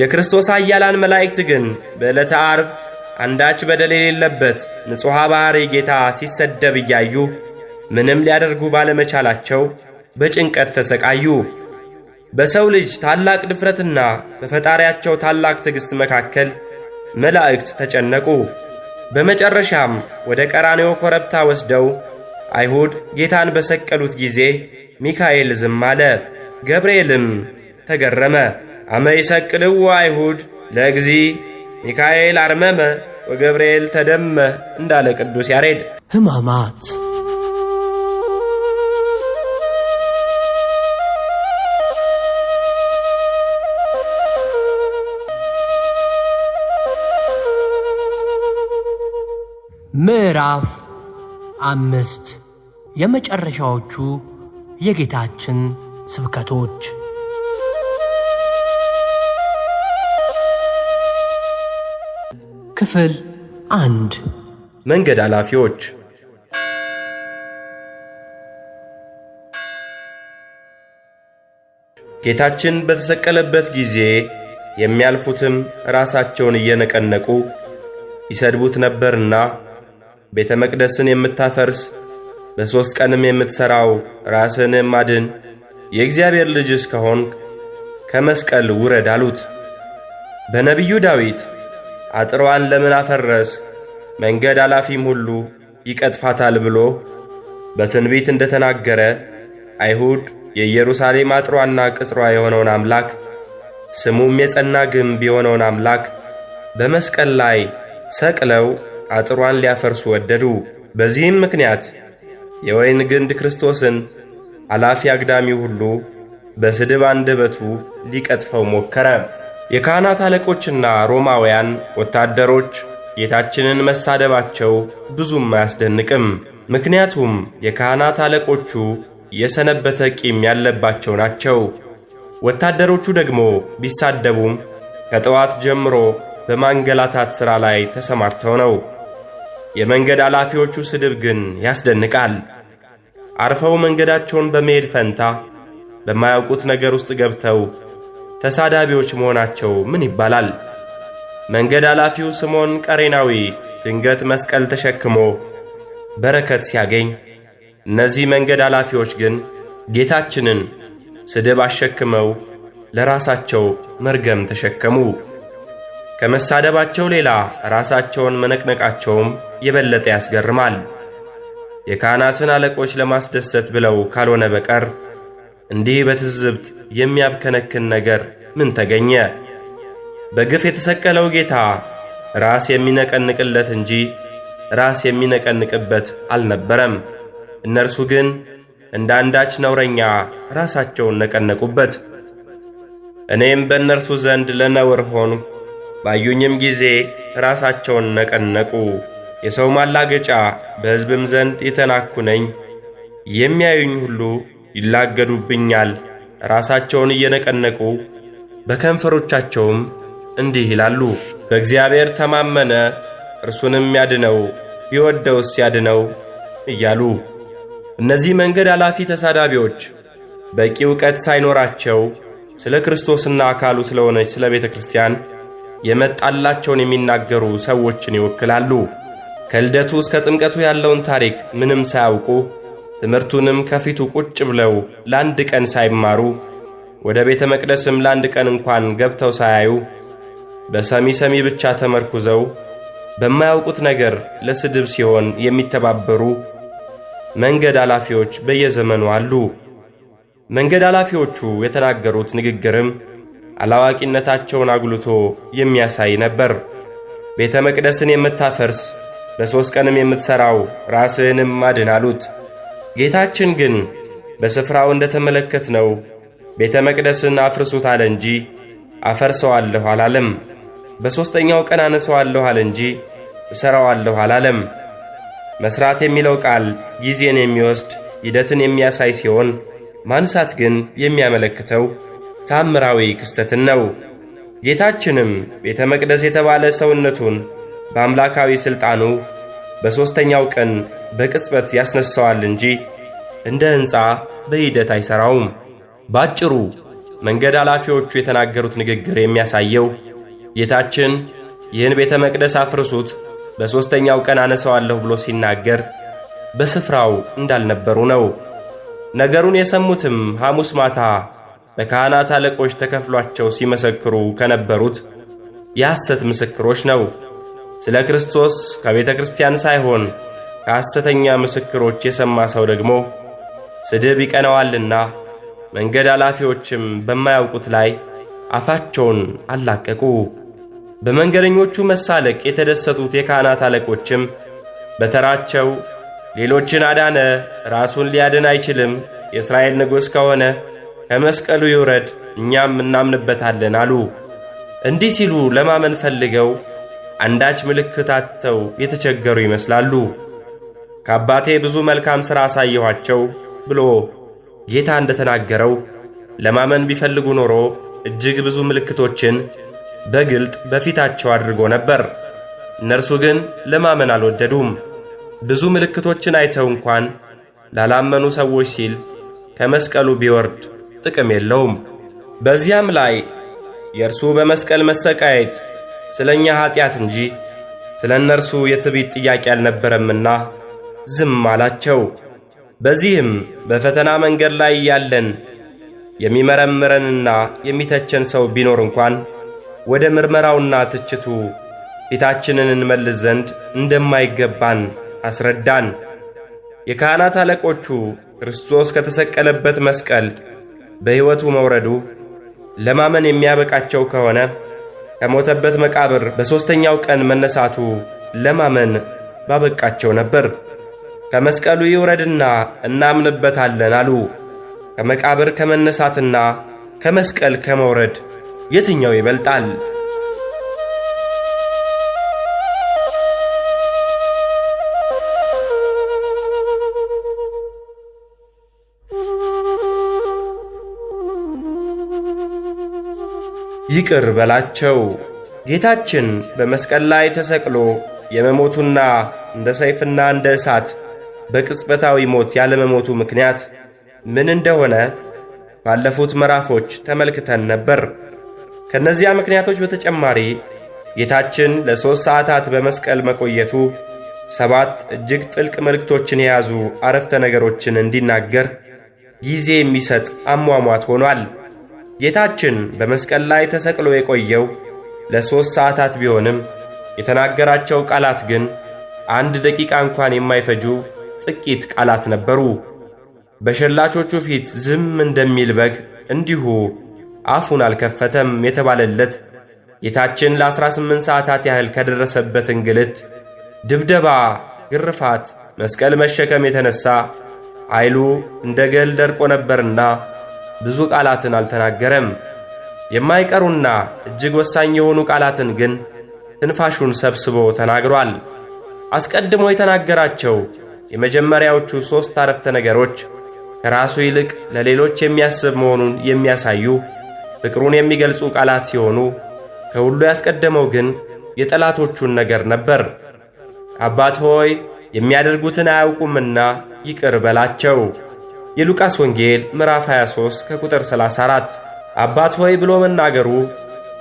የክርስቶስ ኃያላን መላእክት ግን በዕለተ ዓርብ አንዳች በደል የሌለበት ንጹሐ ባሕርይ ጌታ ሲሰደብ እያዩ ምንም ሊያደርጉ ባለመቻላቸው በጭንቀት ተሰቃዩ። በሰው ልጅ ታላቅ ድፍረትና በፈጣሪያቸው ታላቅ ትዕግሥት መካከል መላእክት ተጨነቁ። በመጨረሻም ወደ ቀራንዮ ኮረብታ ወስደው አይሁድ ጌታን በሰቀሉት ጊዜ ሚካኤል ዝም አለ፣ ገብርኤልም ተገረመ። አመይሰቅልው አይሁድ ለእግዚ ሚካኤል አርመመ ወገብርኤል ተደመ እንዳለ ቅዱስ ያሬድ። ሕማማት ምዕራፍ አምስት የመጨረሻዎቹ የጌታችን ስብከቶች ክፍል አንድ መንገድ ኃላፊዎች ጌታችን በተሰቀለበት ጊዜ የሚያልፉትም ራሳቸውን እየነቀነቁ ይሰድቡት ነበርና ቤተ መቅደስን የምታፈርስ በሦስት ቀንም የምትሠራው ራስን አድን የእግዚአብሔር ልጅ እስከሆንክ ከመስቀል ውረድ አሉት። በነቢዩ ዳዊት አጥሯን ለምን አፈረስ? መንገድ አላፊም ሁሉ ይቀጥፋታል ብሎ በትንቢት እንደተናገረ አይሁድ የኢየሩሳሌም አጥሯና ቅጽሯ የሆነውን አምላክ ስሙም የጸና ግንብ የሆነውን አምላክ በመስቀል ላይ ሰቅለው አጥሯን ሊያፈርሱ ወደዱ። በዚህም ምክንያት የወይን ግንድ ክርስቶስን አላፊ አግዳሚ ሁሉ በስድብ አንደበቱ ሊቀጥፈው ሞከረ። የካህናት አለቆችና ሮማውያን ወታደሮች ጌታችንን መሳደባቸው ብዙም አያስደንቅም። ምክንያቱም የካህናት አለቆቹ የሰነበተ ቂም ያለባቸው ናቸው። ወታደሮቹ ደግሞ ቢሳደቡም ከጠዋት ጀምሮ በማንገላታት ሥራ ላይ ተሰማርተው ነው። የመንገድ ኃላፊዎቹ ስድብ ግን ያስደንቃል። አርፈው መንገዳቸውን በመሄድ ፈንታ በማያውቁት ነገር ውስጥ ገብተው ተሳዳቢዎች መሆናቸው ምን ይባላል? መንገድ አላፊው ስምዖን ቀሬናዊ ድንገት መስቀል ተሸክሞ በረከት ሲያገኝ፣ እነዚህ መንገድ አላፊዎች ግን ጌታችንን ስድብ አሸክመው ለራሳቸው መርገም ተሸከሙ። ከመሳደባቸው ሌላ ራሳቸውን መነቅነቃቸውም የበለጠ ያስገርማል። የካህናትን አለቆች ለማስደሰት ብለው ካልሆነ በቀር እንዲህ በትዝብት የሚያብከነክን ነገር ምን ተገኘ? በግፍ የተሰቀለው ጌታ ራስ የሚነቀንቅለት እንጂ ራስ የሚነቀንቅበት አልነበረም። እነርሱ ግን እንደ አንዳች ነውረኛ ራሳቸውን ነቀነቁበት። እኔም በእነርሱ ዘንድ ለነውር ሆን ባዩኝም ጊዜ ራሳቸውን ነቀነቁ። የሰው ማላገጫ፣ በሕዝብም ዘንድ የተናኩ ነኝ። የሚያዩኝ ሁሉ ይላገዱብኛል። ራሳቸውን እየነቀነቁ በከንፈሮቻቸውም እንዲህ ይላሉ፣ በእግዚአብሔር ተማመነ እርሱንም ያድነው ቢወደውስ ያድነው እያሉ። እነዚህ መንገድ አላፊ ተሳዳቢዎች በቂ እውቀት ሳይኖራቸው ስለ ክርስቶስና አካሉ ስለሆነች ስለ ቤተ ክርስቲያን የመጣላቸውን የሚናገሩ ሰዎችን ይወክላሉ። ከልደቱ እስከ ጥምቀቱ ያለውን ታሪክ ምንም ሳያውቁ ትምህርቱንም ከፊቱ ቁጭ ብለው ለአንድ ቀን ሳይማሩ ወደ ቤተ መቅደስም ለአንድ ቀን እንኳን ገብተው ሳያዩ በሰሚ ሰሚ ብቻ ተመርኩዘው በማያውቁት ነገር ለስድብ ሲሆን የሚተባበሩ መንገድ ኃላፊዎች በየዘመኑ አሉ። መንገድ ኃላፊዎቹ የተናገሩት ንግግርም አላዋቂነታቸውን አጉልቶ የሚያሳይ ነበር። ቤተ መቅደስን የምታፈርስ በሦስት ቀንም የምትሠራው ራስህንም አድን አሉት። ጌታችን ግን በስፍራው እንደ ተመለከትነው ቤተ መቅደስን አፍርሱት አለ እንጂ አፈርሰዋለሁ አላለም። በሦስተኛው ቀን አነሰዋለሁ አለ እንጂ እሠራዋለሁ አላለም። መሥራት የሚለው ቃል ጊዜን የሚወስድ ሂደትን የሚያሳይ ሲሆን ማንሳት ግን የሚያመለክተው ታምራዊ ክስተትን ነው። ጌታችንም ቤተ መቅደስ የተባለ ሰውነቱን በአምላካዊ ሥልጣኑ በሦስተኛው ቀን በቅጽበት ያስነሳዋል እንጂ እንደ ሕንፃ በሂደት አይሠራውም። ባጭሩ መንገድ ኃላፊዎቹ የተናገሩት ንግግር የሚያሳየው ጌታችን ይህን ቤተ መቅደስ አፍርሱት፣ በሦስተኛው ቀን አነሰዋለሁ ብሎ ሲናገር በስፍራው እንዳልነበሩ ነው። ነገሩን የሰሙትም ሐሙስ ማታ በካህናት አለቆች ተከፍሏቸው ሲመሰክሩ ከነበሩት የሐሰት ምስክሮች ነው። ስለ ክርስቶስ ከቤተ ክርስቲያን ሳይሆን ከሐሰተኛ ምስክሮች የሰማ ሰው ደግሞ ስድብ ይቀነዋልና መንገድ አላፊዎችም በማያውቁት ላይ አፋቸውን አላቀቁ። በመንገደኞቹ መሳለቅ የተደሰቱት የካህናት አለቆችም በተራቸው ሌሎችን አዳነ፣ ራሱን ሊያድን አይችልም፣ የእስራኤል ንጉሥ ከሆነ ከመስቀሉ ይውረድ፣ እኛም እናምንበታለን አሉ። እንዲህ ሲሉ ለማመን ፈልገው አንዳች ምልክት አጥተው የተቸገሩ ይመስላሉ። ከአባቴ ብዙ መልካም ሥራ አሳየኋቸው ብሎ ጌታ እንደተናገረው ለማመን ቢፈልጉ ኖሮ እጅግ ብዙ ምልክቶችን በግልጥ በፊታቸው አድርጎ ነበር። እነርሱ ግን ለማመን አልወደዱም። ብዙ ምልክቶችን አይተው እንኳን ላላመኑ ሰዎች ሲል ከመስቀሉ ቢወርድ ጥቅም የለውም። በዚያም ላይ የእርሱ በመስቀል መሰቃየት ስለ እኛ ኀጢአት እንጂ ስለ እነርሱ የትዕቢት ጥያቄ አልነበረምና ዝም አላቸው። በዚህም በፈተና መንገድ ላይ ያለን የሚመረምረንና የሚተቸን ሰው ቢኖር እንኳን ወደ ምርመራውና ትችቱ ፊታችንን እንመልስ ዘንድ እንደማይገባን አስረዳን። የካህናት አለቆቹ ክርስቶስ ከተሰቀለበት መስቀል በሕይወቱ መውረዱ ለማመን የሚያበቃቸው ከሆነ ከሞተበት መቃብር በሦስተኛው ቀን መነሳቱ ለማመን ባበቃቸው ነበር። ከመስቀሉ ይውረድና እናምንበታለን አሉ። ከመቃብር ከመነሳትና ከመስቀል ከመውረድ የትኛው ይበልጣል? ይቅር በላቸው። ጌታችን በመስቀል ላይ ተሰቅሎ የመሞቱና እንደ ሰይፍና እንደ እሳት በቅጽበታዊ ሞት ያለመሞቱ ምክንያት ምን እንደሆነ ባለፉት ምዕራፎች ተመልክተን ነበር። ከእነዚያ ምክንያቶች በተጨማሪ ጌታችን ለሦስት ሰዓታት በመስቀል መቆየቱ ሰባት እጅግ ጥልቅ መልእክቶችን የያዙ አረፍተ ነገሮችን እንዲናገር ጊዜ የሚሰጥ አሟሟት ሆኗል። ጌታችን በመስቀል ላይ ተሰቅሎ የቆየው ለሦስት ሰዓታት ቢሆንም የተናገራቸው ቃላት ግን አንድ ደቂቃ እንኳን የማይፈጁ ጥቂት ቃላት ነበሩ። በሸላቾቹ ፊት ዝም እንደሚል በግ እንዲሁ አፉን አልከፈተም የተባለለት ጌታችን ለ18 ሰዓታት ያህል ከደረሰበት እንግልት፣ ድብደባ፣ ግርፋት፣ መስቀል መሸከም የተነሳ ኃይሉ እንደ ገል ደርቆ ነበርና ብዙ ቃላትን አልተናገረም። የማይቀሩና እጅግ ወሳኝ የሆኑ ቃላትን ግን ትንፋሹን ሰብስቦ ተናግሯል። አስቀድሞ የተናገራቸው የመጀመሪያዎቹ ሦስት አረፍተ ነገሮች ከራሱ ይልቅ ለሌሎች የሚያስብ መሆኑን የሚያሳዩ ፍቅሩን የሚገልጹ ቃላት ሲሆኑ ከሁሉ ያስቀደመው ግን የጠላቶቹን ነገር ነበር። አባት ሆይ የሚያደርጉትን አያውቁምና ይቅር በላቸው የሉቃስ ወንጌል ምዕራፍ 23 ከቁጥር 34 አባት ሆይ ብሎ መናገሩ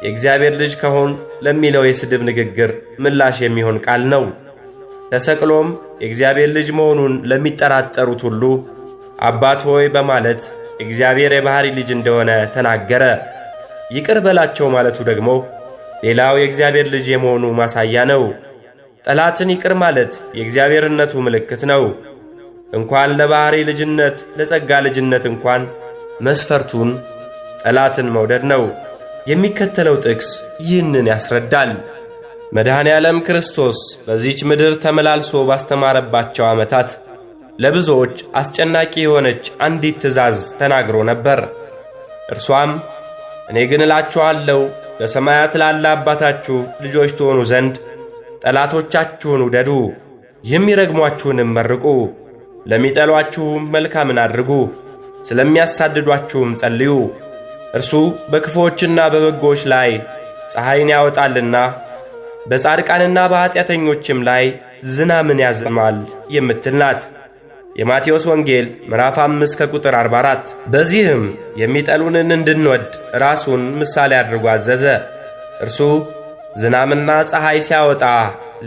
የእግዚአብሔር ልጅ ከሆን ለሚለው የስድብ ንግግር ምላሽ የሚሆን ቃል ነው። ተሰቅሎም የእግዚአብሔር ልጅ መሆኑን ለሚጠራጠሩት ሁሉ አባት ሆይ በማለት እግዚአብሔር የባሕሪ ልጅ እንደሆነ ተናገረ። ይቅር በላቸው ማለቱ ደግሞ ሌላው የእግዚአብሔር ልጅ የመሆኑ ማሳያ ነው። ጠላትን ይቅር ማለት የእግዚአብሔርነቱ ምልክት ነው። እንኳን ለባሕሪ ልጅነት ለጸጋ ልጅነት እንኳን መስፈርቱን ጠላትን መውደድ ነው። የሚከተለው ጥቅስ ይህንን ያስረዳል። መድኃኔ ዓለም ክርስቶስ በዚች ምድር ተመላልሶ ባስተማረባቸው ዓመታት ለብዙዎች አስጨናቂ የሆነች አንዲት ትእዛዝ ተናግሮ ነበር። እርሷም እኔ ግን እላችኋለሁ በሰማያት ላለ አባታችሁ ልጆች ትሆኑ ዘንድ ጠላቶቻችሁን ውደዱ፣ የሚረግሟችሁንም መርቁ ለሚጠሏችሁም መልካምን አድርጉ፣ ስለሚያሳድዷችሁም ጸልዩ። እርሱ በክፉዎችና በበጎዎች ላይ ፀሐይን ያወጣልና በጻድቃንና በኀጢአተኞችም ላይ ዝናምን ያዝማል የምትል ናት። የማቴዎስ ወንጌል ምዕራፍ 5 ከቁጥር 44። በዚህም የሚጠሉንን እንድንወድ ራሱን ምሳሌ አድርጎ አዘዘ። እርሱ ዝናምና ፀሐይ ሲያወጣ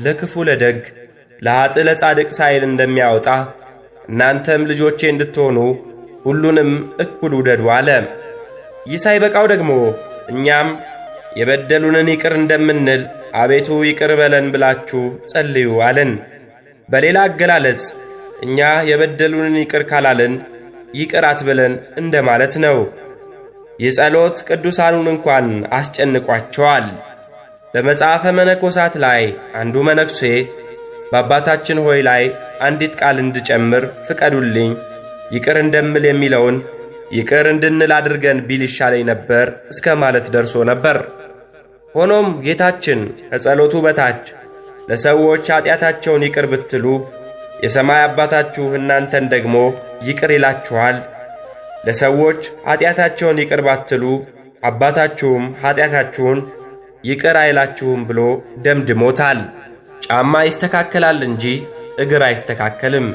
ለክፉ ለደግ፣ ለኀጥ ለጻድቅ ሳይል እንደሚያወጣ እናንተም ልጆቼ እንድትሆኑ ሁሉንም እኩል ውደዱ አለ። ይህ ሳይበቃው ደግሞ እኛም የበደሉንን ይቅር እንደምንል አቤቱ ይቅር በለን ብላችሁ ጸልዩ አልን። በሌላ አገላለጽ እኛ የበደሉንን ይቅር ካላልን ይቅር አትበለን እንደማለት ነው። ይህ ጸሎት ቅዱሳኑን እንኳን አስጨንቋቸዋል። በመጽሐፈ መነኮሳት ላይ አንዱ መነኩሴ በአባታችን ሆይ ላይ አንዲት ቃል እንድጨምር ፍቀዱልኝ። ይቅር እንደምል የሚለውን ይቅር እንድንል አድርገን ቢል ይሻለኝ ነበር እስከ ማለት ደርሶ ነበር። ሆኖም ጌታችን ከጸሎቱ በታች ለሰዎች ኀጢአታቸውን ይቅር ብትሉ የሰማይ አባታችሁ እናንተን ደግሞ ይቅር ይላችኋል፣ ለሰዎች ኀጢአታቸውን ይቅር ባትሉ አባታችሁም ኀጢአታችሁን ይቅር አይላችሁም ብሎ ደምድሞታል። ጫማ ይስተካከላል እንጂ እግር አይስተካከልም።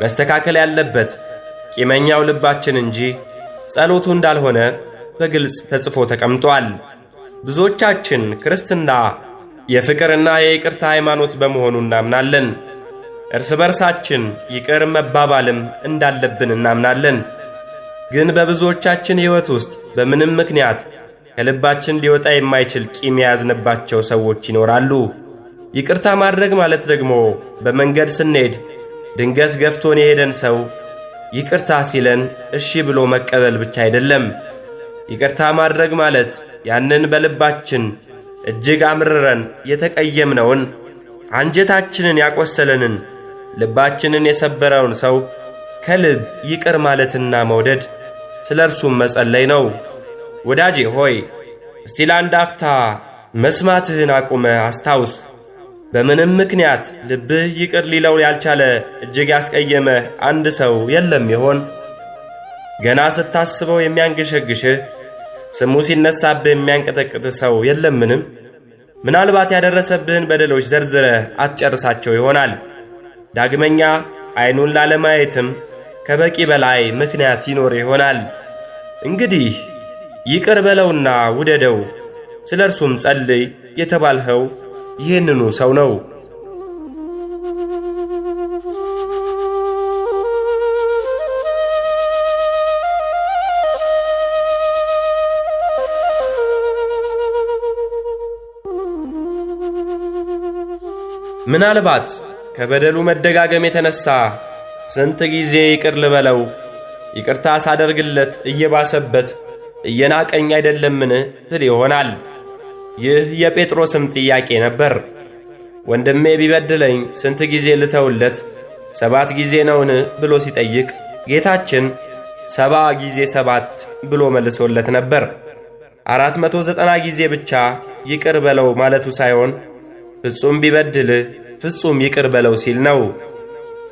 መስተካከል ያለበት ቂመኛው ልባችን እንጂ ጸሎቱ እንዳልሆነ በግልጽ ተጽፎ ተቀምጧል። ብዙዎቻችን ክርስትና የፍቅርና የይቅርታ ሃይማኖት በመሆኑ እናምናለን። እርስ በርሳችን ይቅር መባባልም እንዳለብን እናምናለን። ግን በብዙዎቻችን ሕይወት ውስጥ በምንም ምክንያት ከልባችን ሊወጣ የማይችል ቂም የያዝንባቸው ሰዎች ይኖራሉ። ይቅርታ ማድረግ ማለት ደግሞ በመንገድ ስንሄድ ድንገት ገፍቶን የሄደን ሰው ይቅርታ ሲለን እሺ ብሎ መቀበል ብቻ አይደለም። ይቅርታ ማድረግ ማለት ያንን በልባችን እጅግ አምርረን የተቀየምነውን አንጀታችንን ያቆሰለንን ልባችንን የሰበረውን ሰው ከልብ ይቅር ማለትና መውደድ፣ ስለ እርሱም መጸለይ ነው። ወዳጄ ሆይ እስቲ ለአንድ አፍታ መስማትህን አቁመ አስታውስ። በምንም ምክንያት ልብህ ይቅር ሊለው ያልቻለ እጅግ ያስቀየመ አንድ ሰው የለም ይሆን? ገና ስታስበው የሚያንገሸግሽህ ስሙ ሲነሳብህ የሚያንቀጠቅጥ ሰው የለምንም? ምናልባት ያደረሰብህን በደሎች ዘርዝረ አትጨርሳቸው ይሆናል። ዳግመኛ ዐይኑን ላለማየትም ከበቂ በላይ ምክንያት ይኖር ይሆናል። እንግዲህ ይቅር በለውና ውደደው፣ ስለ እርሱም ጸልይ የተባልኸው ይህንኑ ሰው ነው። ምናልባት ከበደሉ መደጋገም የተነሳ ስንት ጊዜ ይቅር ልበለው፣ ይቅርታ ሳደርግለት እየባሰበት እየናቀኝ አይደለምን ትል ይሆናል። ይህ የጴጥሮስም ጥያቄ ነበር። ወንድሜ ቢበድለኝ ስንት ጊዜ ልተውለት? ሰባት ጊዜ ነውን? ብሎ ሲጠይቅ ጌታችን ሰባ ጊዜ ሰባት ብሎ መልሶለት ነበር። አራት መቶ ዘጠና ጊዜ ብቻ ይቅር በለው ማለቱ ሳይሆን ፍጹም ቢበድልህ ፍጹም ይቅር በለው ሲል ነው።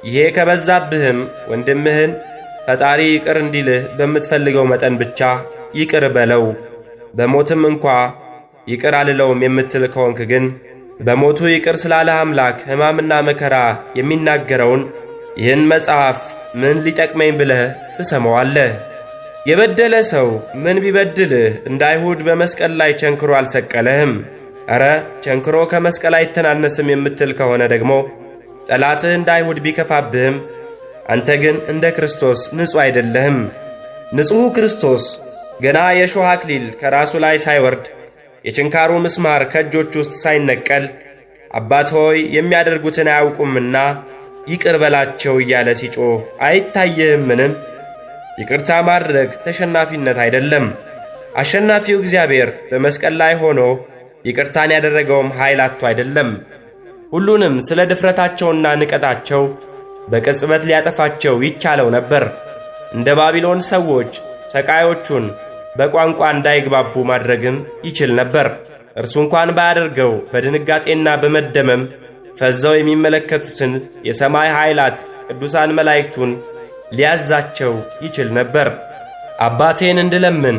ይሄ ከበዛብህም ወንድምህን ፈጣሪ ይቅር እንዲልህ በምትፈልገው መጠን ብቻ ይቅር በለው፣ በሞትም እንኳ ይቅር አልለውም የምትል ከሆንክ ግን በሞቱ ይቅር ስላለ አምላክ ሕማምና መከራ የሚናገረውን ይህን መጽሐፍ ምን ሊጠቅመኝ ብለህ ትሰማዋለህ? የበደለ ሰው ምን ቢበድልህ እንደ አይሁድ በመስቀል ላይ ቸንክሮ አልሰቀለህም። ኧረ ቸንክሮ ከመስቀል አይተናነስም የምትል ከሆነ ደግሞ ጠላትህ እንደ አይሁድ ቢከፋብህም አንተ ግን እንደ ክርስቶስ ንጹሕ አይደለህም። ንጹሑ ክርስቶስ ገና የሾህ አክሊል ከራሱ ላይ ሳይወርድ የችንካሩ ምስማር ከእጆች ውስጥ ሳይነቀል አባት ሆይ የሚያደርጉትን አያውቁምና ይቅር በላቸው እያለ ሲጮህ ምንም ይቅርታ ማድረግ ተሸናፊነት አይደለም። አሸናፊው እግዚአብሔር በመስቀል ላይ ሆኖ ይቅርታን ያደረገውም ኃይል አጥቶ አይደለም። ሁሉንም ስለ ድፍረታቸውና ንቀታቸው በቅጽበት ሊያጠፋቸው ይቻለው ነበር። እንደ ባቢሎን ሰዎች ሰቃዮቹን በቋንቋ እንዳይግባቡ ማድረግም ይችል ነበር። እርሱ እንኳን ባያደርገው በድንጋጤና በመደመም ፈዘው የሚመለከቱትን የሰማይ ኃይላት ቅዱሳን መላእክቱን ሊያዛቸው ይችል ነበር። አባቴን እንድለምን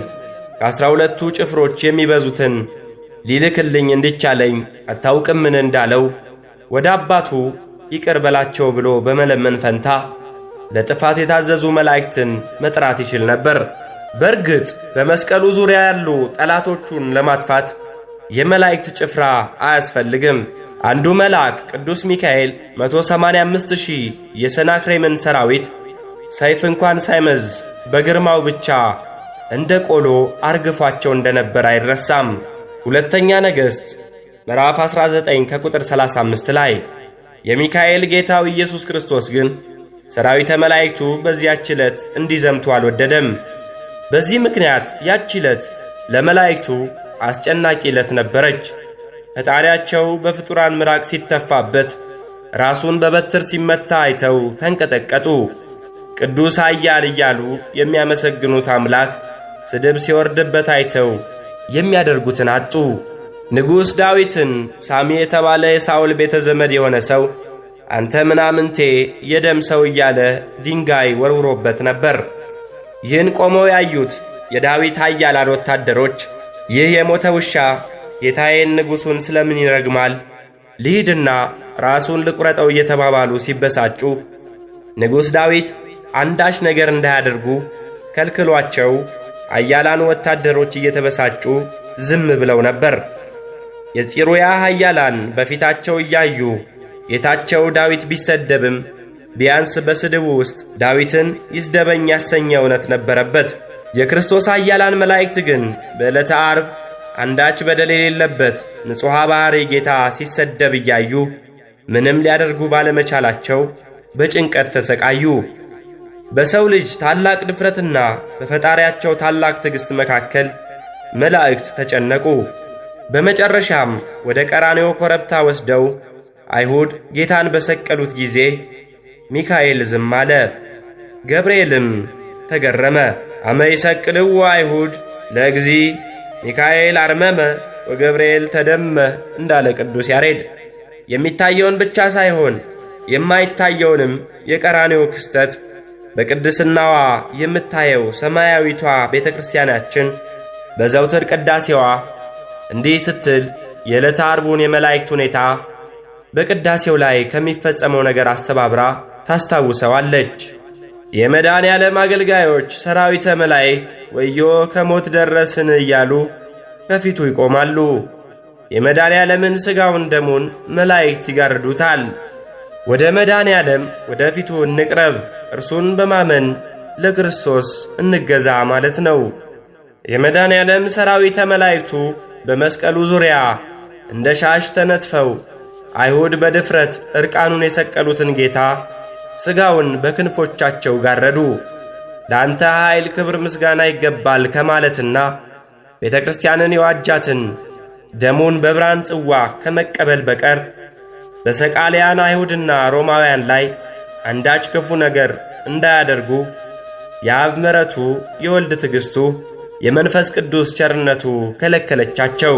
ከአሥራ ሁለቱ ጭፍሮች የሚበዙትን ሊልክልኝ እንዲቻለኝ አታውቅምን እንዳለው ወደ አባቱ ይቅር በላቸው ብሎ በመለመን ፈንታ ለጥፋት የታዘዙ መላእክትን መጥራት ይችል ነበር። በእርግጥ በመስቀሉ ዙሪያ ያሉ ጠላቶቹን ለማጥፋት የመላእክት ጭፍራ አያስፈልግም። አንዱ መልአክ ቅዱስ ሚካኤል 185 ሺህ የሰናክሬምን ሰራዊት ሰይፍ እንኳን ሳይመዝ በግርማው ብቻ እንደ ቆሎ አርግፏቸው እንደነበር አይረሳም። ሁለተኛ ነገሥት ምዕራፍ 19 ከቁጥር 35 ላይ የሚካኤል ጌታው ኢየሱስ ክርስቶስ ግን ሰራዊተ መላእክቱ በዚያች ዕለት እንዲዘምቱ አልወደደም። በዚህ ምክንያት ያች ዕለት ለመላእክቱ አስጨናቂ ዕለት ነበረች። ፈጣሪያቸው በፍጡራን ምራቅ ሲተፋበት ራሱን በበትር ሲመታ አይተው ተንቀጠቀጡ። ቅዱስ ኃያል እያሉ የሚያመሰግኑት አምላክ ስድብ ሲወርድበት አይተው የሚያደርጉትን አጡ። ንጉሥ ዳዊትን ሳሚ የተባለ የሳውል ቤተ ዘመድ የሆነ ሰው አንተ ምናምንቴ የደም ሰው እያለ ድንጋይ ወርውሮበት ነበር። ይህን ቆመው ያዩት የዳዊት ኃያላን ወታደሮች ይህ የሞተ ውሻ ጌታዬን ንጉሡን ስለምን ይረግማል? ልሂድና ራሱን ልቁረጠው እየተባባሉ ሲበሳጩ ንጉሥ ዳዊት አንዳች ነገር እንዳያደርጉ ከልክሏቸው ኃያላኑ ወታደሮች እየተበሳጩ ዝም ብለው ነበር። የጺሩያ ኃያላን በፊታቸው እያዩ ጌታቸው ዳዊት ቢሰደብም ቢያንስ በስድቡ ውስጥ ዳዊትን ይስደበኝ ያሰኘ እውነት ነበረበት። የክርስቶስ አያላን መላእክት ግን በዕለተ አርብ አንዳች በደል የሌለበት ንጹሐ ባሕርይ ጌታ ሲሰደብ እያዩ ምንም ሊያደርጉ ባለመቻላቸው በጭንቀት ተሰቃዩ። በሰው ልጅ ታላቅ ድፍረትና በፈጣሪያቸው ታላቅ ትዕግሥት መካከል መላእክት ተጨነቁ። በመጨረሻም ወደ ቀራኔዮ ኮረብታ ወስደው አይሁድ ጌታን በሰቀሉት ጊዜ ሚካኤል ዝም አለ። ገብርኤልም ተገረመ። አመይሰቅልው አይሁድ ለእግዚ ሚካኤል አርመመ ወገብርኤል ተደመ እንዳለ ቅዱስ ያሬድ የሚታየውን ብቻ ሳይሆን የማይታየውንም የቀራኔው ክስተት በቅድስናዋ የምታየው ሰማያዊቷ ቤተ ክርስቲያናችን በዘውትር ቅዳሴዋ እንዲህ ስትል የዕለተ አርቡን የመላእክት ሁኔታ በቅዳሴው ላይ ከሚፈጸመው ነገር አስተባብራ ታስታውሰዋለች። የመድኃኔ ዓለም አገልጋዮች ሰራዊተ መላእክት ወዮ ከሞት ደረስን እያሉ ከፊቱ ይቆማሉ። የመድኃኔ ዓለምን ሥጋውን ደሙን መላእክት ይጋርዱታል። ወደ መድኃኔ ዓለም ወደ ፊቱ እንቅረብ፣ እርሱን በማመን ለክርስቶስ እንገዛ ማለት ነው። የመድኃኔ ዓለም ሰራዊተ መላእክቱ በመስቀሉ ዙሪያ እንደ ሻሽ ተነጥፈው አይሁድ በድፍረት ዕርቃኑን የሰቀሉትን ጌታ ሥጋውን በክንፎቻቸው ጋረዱ። ለአንተ ኃይል፣ ክብር፣ ምስጋና ይገባል ከማለትና ቤተ ክርስቲያንን የዋጃትን ደሙን በብርሃን ጽዋ ከመቀበል በቀር በሰቃልያን አይሁድና ሮማውያን ላይ አንዳች ክፉ ነገር እንዳያደርጉ የአብ ምሕረቱ፣ የወልድ ትዕግሥቱ፣ የመንፈስ ቅዱስ ቸርነቱ ከለከለቻቸው።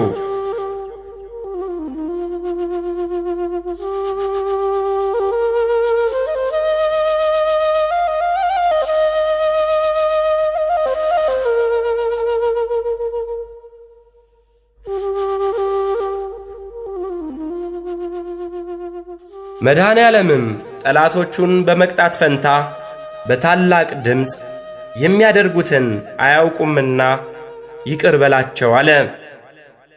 መድኃኔ ዓለምም ጠላቶቹን በመቅጣት ፈንታ በታላቅ ድምፅ የሚያደርጉትን አያውቁምና ይቅር በላቸው አለ።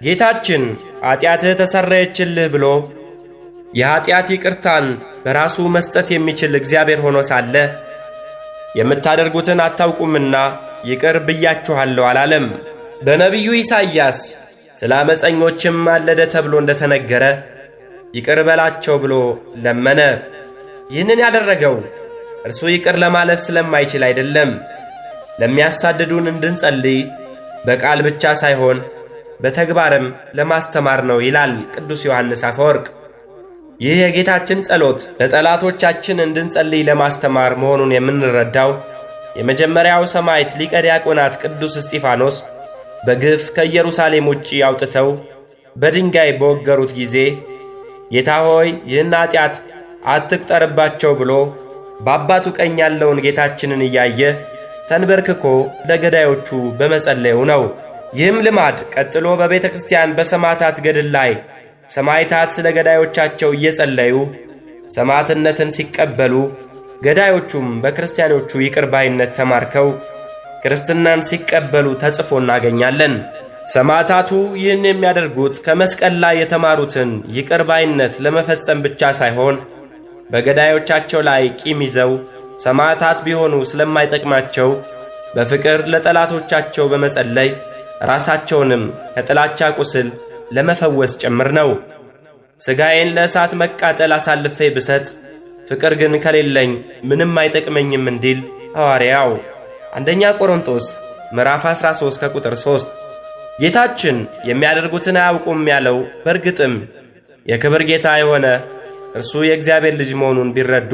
ጌታችን ኀጢአትህ ተሰረየችልህ ብሎ የኀጢአት ይቅርታን በራሱ መስጠት የሚችል እግዚአብሔር ሆኖ ሳለ የምታደርጉትን አታውቁምና ይቅር ብያችኋለሁ አላለም። በነቢዩ ኢሳይያስ ስለ ዓመፀኞችም አለደ ተብሎ እንደተነገረ ይቅር በላቸው ብሎ ለመነ። ይህንን ያደረገው እርሱ ይቅር ለማለት ስለማይችል አይደለም። ለሚያሳድዱን እንድንጸልይ በቃል ብቻ ሳይሆን በተግባርም ለማስተማር ነው ይላል ቅዱስ ዮሐንስ አፈወርቅ። ይህ የጌታችን ጸሎት ለጠላቶቻችን እንድንጸልይ ለማስተማር መሆኑን የምንረዳው የመጀመሪያው ሰማዕት ሊቀ ዲያቆናት ቅዱስ እስጢፋኖስ በግፍ ከኢየሩሳሌም ውጪ አውጥተው በድንጋይ በወገሩት ጊዜ ጌታ ሆይ ይህን ኃጢአት አትቅጠርባቸው ብሎ በአባቱ ቀኝ ያለውን ጌታችንን እያየ ተንበርክኮ ለገዳዮቹ በመጸለዩ ነው። ይህም ልማድ ቀጥሎ በቤተ ክርስቲያን በሰማዕታት ገድል ላይ ሰማዕታት ስለ ገዳዮቻቸው እየጸለዩ ሰማዕትነትን ሲቀበሉ፣ ገዳዮቹም በክርስቲያኖቹ ይቅርባይነት ተማርከው ክርስትናን ሲቀበሉ ተጽፎ እናገኛለን። ሰማዕታቱ ይህን የሚያደርጉት ከመስቀል ላይ የተማሩትን ይቅርባይነት ለመፈጸም ብቻ ሳይሆን በገዳዮቻቸው ላይ ቂም ይዘው ሰማዕታት ቢሆኑ ስለማይጠቅማቸው በፍቅር ለጠላቶቻቸው በመጸለይ ራሳቸውንም ከጥላቻ ቁስል ለመፈወስ ጭምር ነው። ሥጋዬን ለእሳት መቃጠል አሳልፌ ብሰጥ ፍቅር ግን ከሌለኝ ምንም አይጠቅመኝም እንዲል ሐዋርያው አንደኛ ቆሮንቶስ ምዕራፍ 13 ከቁጥር 3 ጌታችን የሚያደርጉትን አያውቁም ያለው በእርግጥም የክብር ጌታ የሆነ እርሱ የእግዚአብሔር ልጅ መሆኑን ቢረዱ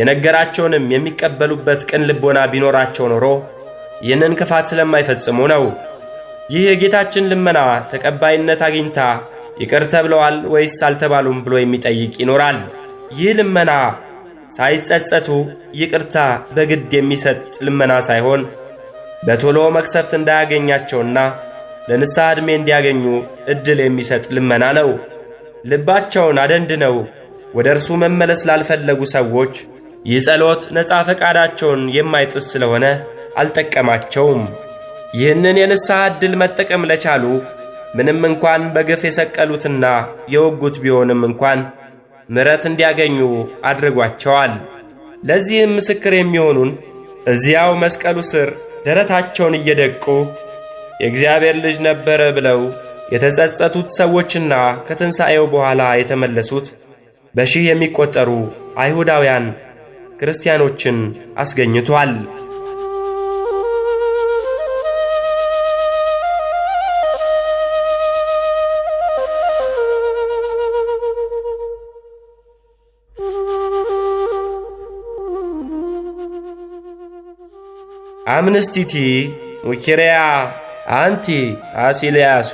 የነገራቸውንም የሚቀበሉበት ቅን ልቦና ቢኖራቸው ኖሮ ይህንን ክፋት ስለማይፈጽሙ ነው። ይህ የጌታችን ልመና ተቀባይነት አግኝታ ይቅር ተብለዋል ወይስ አልተባሉም ብሎ የሚጠይቅ ይኖራል። ይህ ልመና ሳይጸጸቱ ይቅርታ በግድ የሚሰጥ ልመና ሳይሆን በቶሎ መክሰፍት እንዳያገኛቸውና ለንስሐ ዕድሜ እንዲያገኙ ዕድል የሚሰጥ ልመና ነው። ልባቸውን አደንድነው ወደ እርሱ መመለስ ላልፈለጉ ሰዎች ይህ ጸሎት ነፃ ፈቃዳቸውን የማይጥስ ስለሆነ አልጠቀማቸውም። ይህንን የንስሐ ዕድል መጠቀም ለቻሉ ምንም እንኳን በግፍ የሰቀሉትና የወጉት ቢሆንም እንኳን ምሕረት እንዲያገኙ አድርጓቸዋል። ለዚህም ምስክር የሚሆኑን እዚያው መስቀሉ ስር ደረታቸውን እየደቁ የእግዚአብሔር ልጅ ነበረ ብለው የተጸጸቱት ሰዎችና ከትንሣኤው በኋላ የተመለሱት በሺህ የሚቆጠሩ አይሁዳውያን ክርስቲያኖችን አስገኝቶአል። አምነስቲቲ ሙኪሪያ አንቲ አሲልያሱ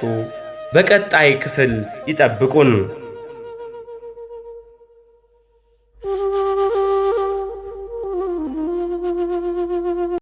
በቀጣይ ክፍል ይጠብቁን።